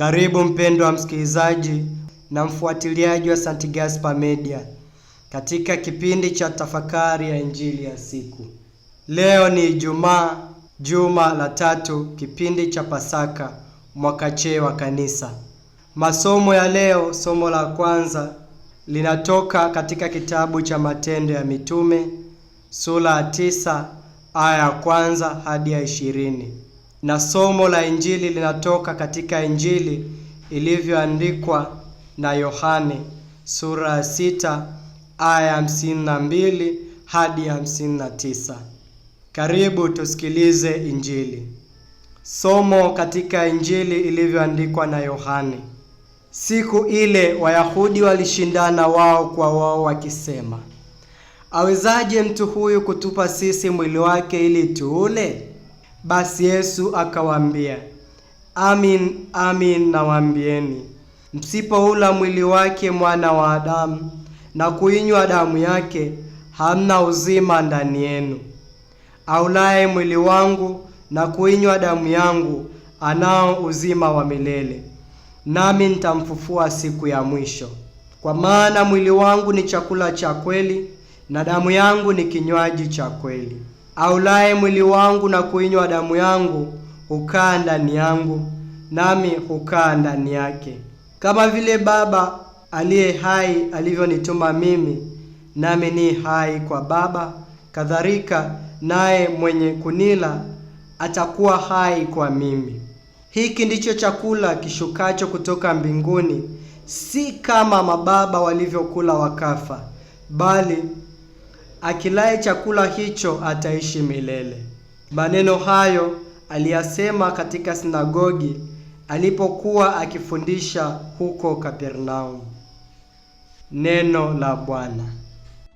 Karibu mpendwa msikilizaji na mfuatiliaji wa St. Gaspar Media katika kipindi cha tafakari ya injili ya siku. Leo ni Ijumaa, juma la tatu, kipindi cha Pasaka, mwaka C wa Kanisa. Masomo ya leo, somo la kwanza linatoka katika kitabu cha Matendo ya Mitume sura ya tisa aya ya kwanza hadi ya ishirini na somo la Injili linatoka katika Injili ilivyoandikwa na Yohane sura ya sita aya hamsini na mbili hadi hamsini na tisa. Karibu tusikilize Injili. Somo katika Injili ilivyoandikwa na Yohane. Siku ile Wayahudi walishindana wao kwa wao wakisema, awezaje mtu huyu kutupa sisi mwili wake ili tuule? Basi Yesu akawaambia, amin amin nawaambieni, msipoula mwili wake mwana wa Adamu na kuinywa damu yake, hamna uzima ndani yenu. Aulaye mwili wangu na kuinywa damu yangu anao uzima wa milele, nami nitamfufua siku ya mwisho. Kwa maana mwili wangu ni chakula cha kweli na damu yangu ni kinywaji cha kweli aulaye mwili wangu na kuinywa damu yangu hukaa ndani yangu, nami hukaa ndani yake. Kama vile Baba aliye hai alivyonituma mimi, nami ni hai kwa Baba, kadhalika naye mwenye kunila atakuwa hai kwa mimi. Hiki ndicho chakula kishukacho kutoka mbinguni, si kama mababa walivyokula wakafa, bali akilaye chakula hicho ataishi milele. Maneno hayo aliyasema katika sinagogi alipokuwa akifundisha huko Kapernaum. Neno la Bwana.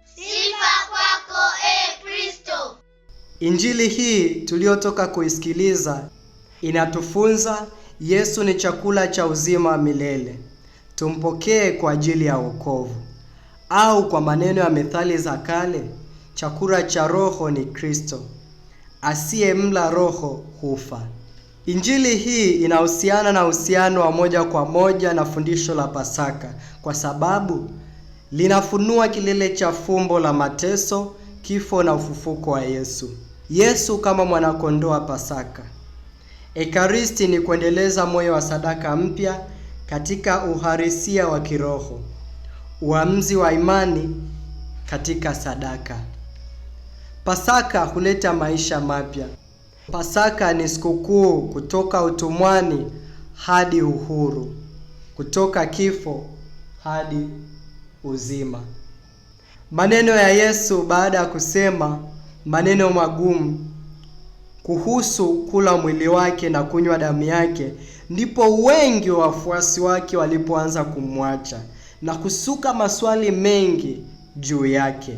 Sifa kwako e Kristo. Injili hii tuliyotoka kuisikiliza inatufunza Yesu ni chakula cha uzima milele. Tumpokee kwa ajili ya wokovu au kwa maneno ya methali za kale, chakula cha roho ni Kristo, asiyemla roho hufa. Injili hii inahusiana na uhusiano wa moja kwa moja na fundisho la Pasaka kwa sababu linafunua kilele cha fumbo la mateso, kifo na ufufuko wa Yesu. Yesu kama mwanakondoo wa Pasaka. Ekaristi ni kuendeleza moyo wa sadaka mpya katika uharisia wa kiroho. Uamuzi wa imani katika sadaka. Pasaka huleta maisha mapya. Pasaka ni sikukuu kutoka utumwani hadi uhuru, kutoka kifo hadi uzima. Maneno ya Yesu baada ya kusema maneno magumu kuhusu kula mwili wake na kunywa damu yake, ndipo wengi wa wafuasi wake walipoanza kumwacha na kusuka maswali mengi juu yake.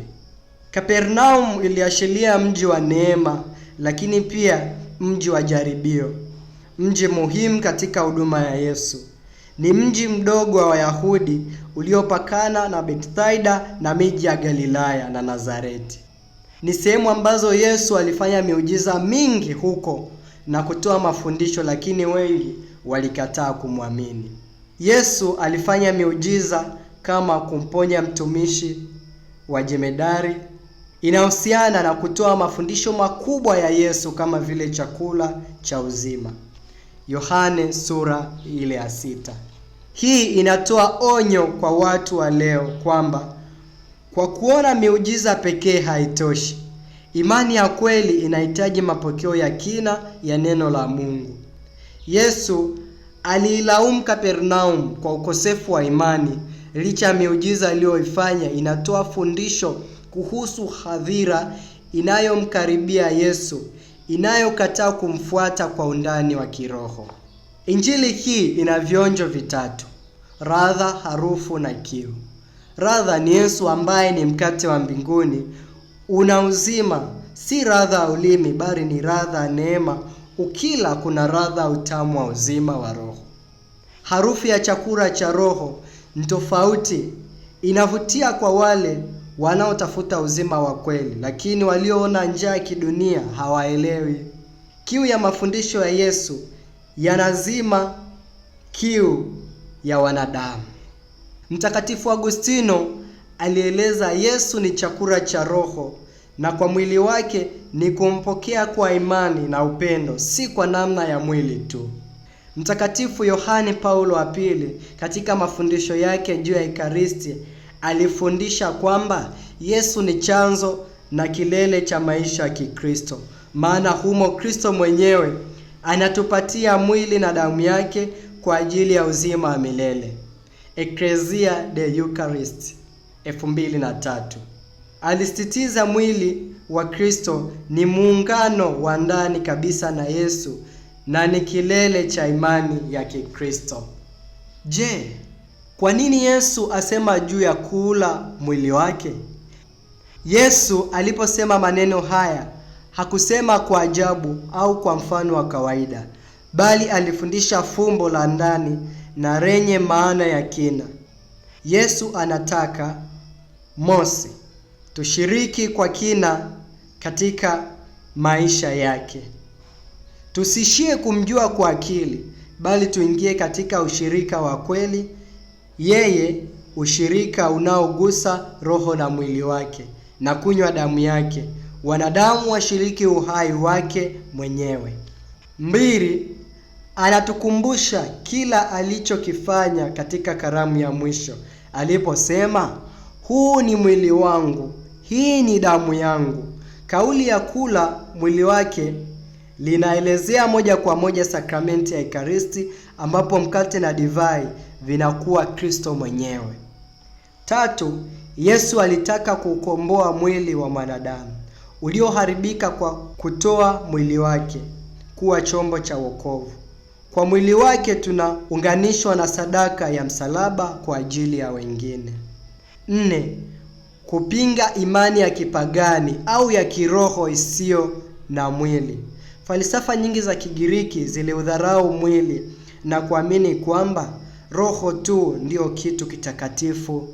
Kapernaum iliashiria mji wa neema, lakini pia mji wa jaribio, mji muhimu katika huduma ya Yesu. Ni mji mdogo wa Wayahudi uliopakana na Bethsaida na miji ya Galilaya na Nazareti. Ni sehemu ambazo Yesu alifanya miujiza mingi huko na kutoa mafundisho, lakini wengi walikataa kumwamini. Yesu alifanya miujiza kama kumponya mtumishi wa jemedari inahusiana na kutoa mafundisho makubwa ya Yesu kama vile chakula cha uzima. Yohane sura ile ya sita. Hii inatoa onyo kwa watu wa leo kwamba kwa kuona miujiza pekee haitoshi. Imani ya kweli inahitaji mapokeo ya kina ya neno la Mungu. Yesu Aliilaumu Kapernaum kwa ukosefu wa imani. Licha ya miujiza aliyoifanya, inatoa fundisho kuhusu hadhira inayomkaribia Yesu, inayokataa kumfuata kwa undani wa kiroho. Injili hii ina vionjo vitatu: radha, harufu na kiu. Radha ni Yesu ambaye ni mkate wa mbinguni, una uzima. Si radha ya ulimi, bali ni radha neema Ukila kuna radha utamu wa uzima wa roho. Harufu ya chakula cha roho ni tofauti, inavutia kwa wale wanaotafuta uzima wa kweli, lakini walioona njaa ya kidunia hawaelewi. Kiu ya mafundisho ya Yesu yanazima kiu ya wanadamu. Mtakatifu Agustino alieleza Yesu ni chakula cha roho na kwa mwili wake ni kumpokea kwa imani na upendo, si kwa namna ya mwili tu. Mtakatifu Yohane Paulo wa Pili katika mafundisho yake juu ya Ekaristi alifundisha kwamba Yesu ni chanzo na kilele cha maisha ya Kikristo, maana humo Kristo mwenyewe anatupatia mwili na damu yake kwa ajili ya uzima wa milele. Ecclesia de Eucharist 2003 Alisisitiza mwili wa Kristo ni muungano wa ndani kabisa na Yesu na ni kilele cha imani ya Kikristo. Je, kwa nini Yesu asema juu ya kula mwili wake? Yesu aliposema maneno haya hakusema kwa ajabu au kwa mfano wa kawaida, bali alifundisha fumbo la ndani na lenye maana ya kina. Yesu anataka mosi tushiriki kwa kina katika maisha yake. Tusishie kumjua kwa akili, bali tuingie katika ushirika wa kweli yeye, ushirika unaogusa roho na mwili wake na kunywa damu yake, wanadamu washiriki uhai wake mwenyewe. Mbili, anatukumbusha kila alichokifanya katika karamu ya mwisho aliposema, huu ni mwili wangu hii ni damu yangu. Kauli ya kula mwili wake linaelezea moja kwa moja sakramenti ya Ekaristi ambapo mkate na divai vinakuwa Kristo mwenyewe. Tatu, Yesu alitaka kuukomboa mwili wa mwanadamu ulioharibika kwa kutoa mwili wake kuwa chombo cha wokovu. Kwa mwili wake tunaunganishwa na sadaka ya msalaba kwa ajili ya wengine. Nne, kupinga imani ya kipagani au ya kiroho isiyo na mwili. Falsafa nyingi za Kigiriki ziliudharau mwili na kuamini kwamba roho tu ndiyo kitu kitakatifu.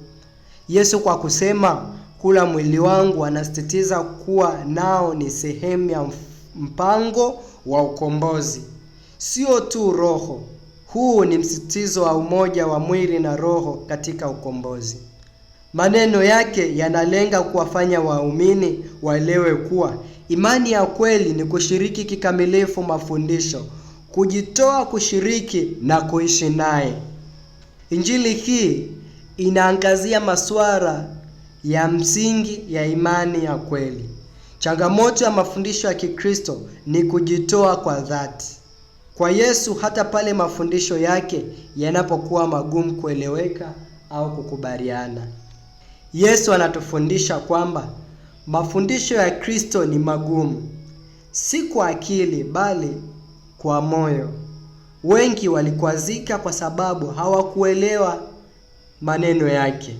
Yesu kwa kusema kula mwili wangu anasisitiza kuwa nao ni sehemu ya mpango wa ukombozi, sio tu roho. Huu ni msisitizo wa umoja wa mwili na roho katika ukombozi. Maneno yake yanalenga kuwafanya waumini waelewe kuwa imani ya kweli ni kushiriki kikamilifu mafundisho, kujitoa kushiriki na kuishi naye. Injili hii inaangazia masuala ya msingi ya imani ya kweli. Changamoto ya mafundisho ya Kikristo ni kujitoa kwa dhati kwa Yesu hata pale mafundisho yake yanapokuwa magumu kueleweka au kukubaliana. Yesu anatufundisha kwamba mafundisho ya Kristo ni magumu, si kwa akili bali kwa moyo. Wengi walikwazika kwa sababu hawakuelewa maneno yake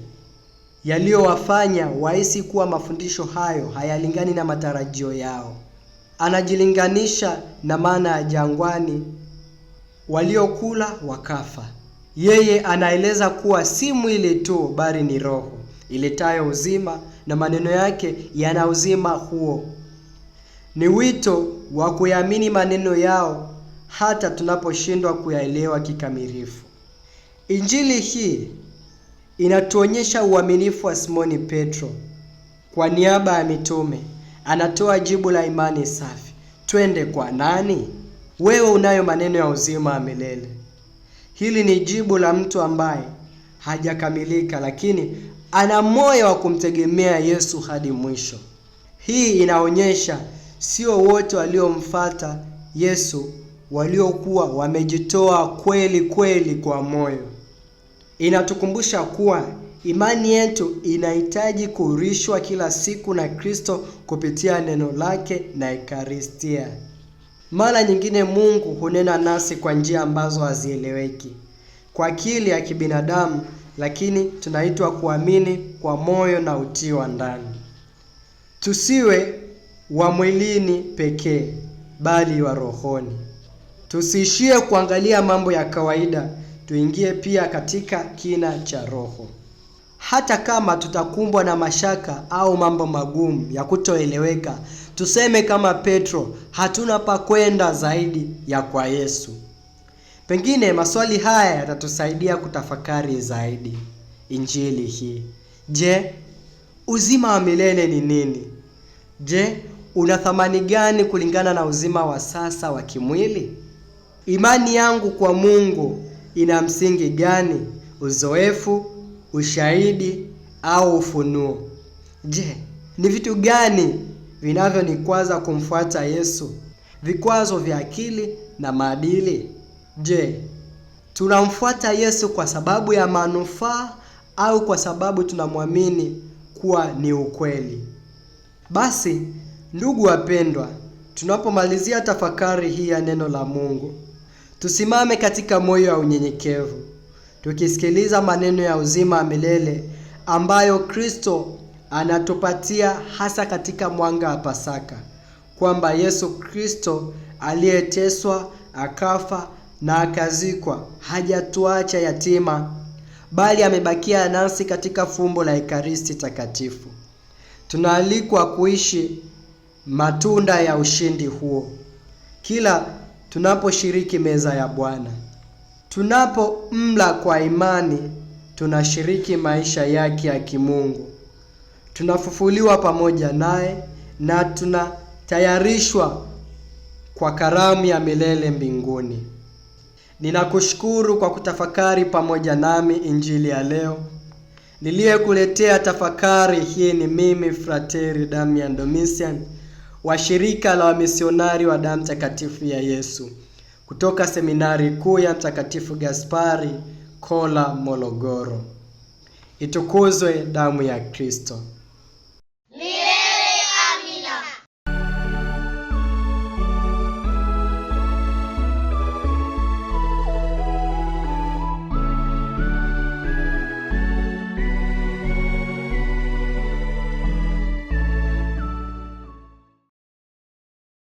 yaliyowafanya wahisi kuwa mafundisho hayo hayalingani na matarajio yao. Anajilinganisha na maana ya jangwani, waliokula wakafa. Yeye anaeleza kuwa si mwili tu bali ni roho iletayo uzima na maneno yake yana uzima huo. Ni wito wa kuyaamini maneno yao hata tunaposhindwa kuyaelewa kikamilifu. Injili hii inatuonyesha uaminifu wa Simoni Petro kwa niaba ya mitume. Anatoa jibu la imani safi: twende kwa nani? Wewe unayo maneno ya uzima wa milele. Hili ni jibu la mtu ambaye hajakamilika, lakini ana moyo wa kumtegemea Yesu hadi mwisho. Hii inaonyesha sio wote waliomfata Yesu waliokuwa wamejitoa kweli kweli kwa moyo. Inatukumbusha kuwa imani yetu inahitaji kurishwa kila siku na Kristo kupitia neno lake na Ekaristia. Mara nyingine Mungu hunena nasi kwa njia ambazo hazieleweki kwa akili ya kibinadamu lakini tunaitwa kuamini kwa moyo na utii wa ndani. Tusiwe wa mwilini pekee, bali wa rohoni. Tusiishie kuangalia mambo ya kawaida, tuingie pia katika kina cha roho. Hata kama tutakumbwa na mashaka au mambo magumu ya kutoeleweka, tuseme kama Petro, hatuna pa kwenda zaidi ya kwa Yesu. Pengine maswali haya yatatusaidia kutafakari zaidi injili hii. Je, uzima wa milele ni nini? Je, una thamani gani kulingana na uzima wa sasa wa kimwili? Imani yangu kwa Mungu ina msingi gani? Uzoefu, ushahidi au ufunuo? Je, ni vitu gani vinavyonikwaza kumfuata Yesu? Vikwazo vya akili na maadili? Je, tunamfuata Yesu kwa sababu ya manufaa au kwa sababu tunamwamini kuwa ni ukweli? Basi ndugu wapendwa, tunapomalizia tafakari hii ya neno la Mungu, tusimame katika moyo wa unyenyekevu, tukisikiliza maneno ya uzima wa milele ambayo Kristo anatupatia hasa katika mwanga wa Pasaka, kwamba Yesu Kristo aliyeteswa, akafa na akazikwa, hajatuacha yatima, bali amebakia nasi katika fumbo la Ekaristi Takatifu. Tunaalikwa kuishi matunda ya ushindi huo kila tunaposhiriki meza ya Bwana. Tunapomla kwa imani, tunashiriki maisha yake ya kimungu, tunafufuliwa pamoja naye na tunatayarishwa kwa karamu ya milele mbinguni. Ninakushukuru kwa kutafakari pamoja nami injili ya leo. Niliyekuletea tafakari hii ni mimi Frateri Damian Domisian wa shirika la wamisionari wa damu takatifu ya Yesu kutoka seminari kuu ya Mtakatifu Gaspari Kola, Morogoro. Itukuzwe damu ya Kristo!